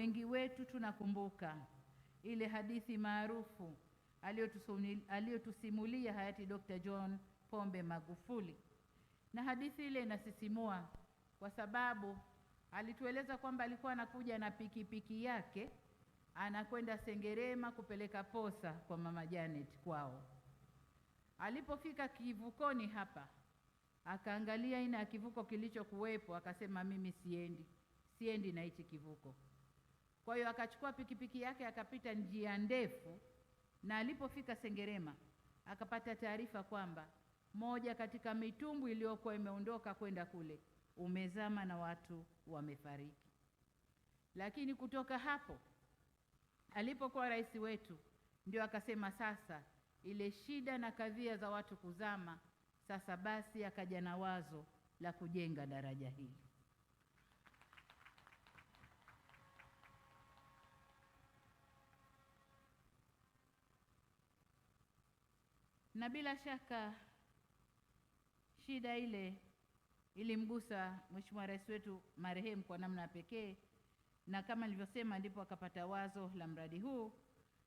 wengi wetu tunakumbuka ile hadithi maarufu aliyotusimulia hayati Dr. John Pombe Magufuli, na hadithi ile inasisimua kwa sababu alitueleza kwamba alikuwa anakuja na pikipiki piki yake anakwenda Sengerema kupeleka posa kwa mama Janet kwao. Alipofika kivukoni hapa, akaangalia aina ya kivuko kilichokuwepo, akasema mimi siendi, siendi na hichi kivuko. Kwa hiyo akachukua pikipiki yake akapita njia ndefu, na alipofika Sengerema akapata taarifa kwamba moja katika mitumbwi iliyokuwa imeondoka kwenda kule umezama na watu wamefariki. Lakini kutoka hapo alipokuwa rais wetu ndio akasema sasa ile shida na kadhia za watu kuzama, sasa basi akaja na wazo la kujenga daraja hili. na bila shaka shida ile ilimgusa Mheshimiwa Rais wetu marehemu kwa namna ya pekee, na kama nilivyosema, ndipo akapata wazo la mradi huu,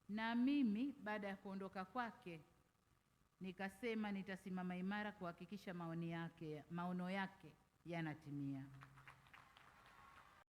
na mimi baada ya kuondoka kwake nikasema nitasimama imara kuhakikisha maoni yake, maono yake yanatimia.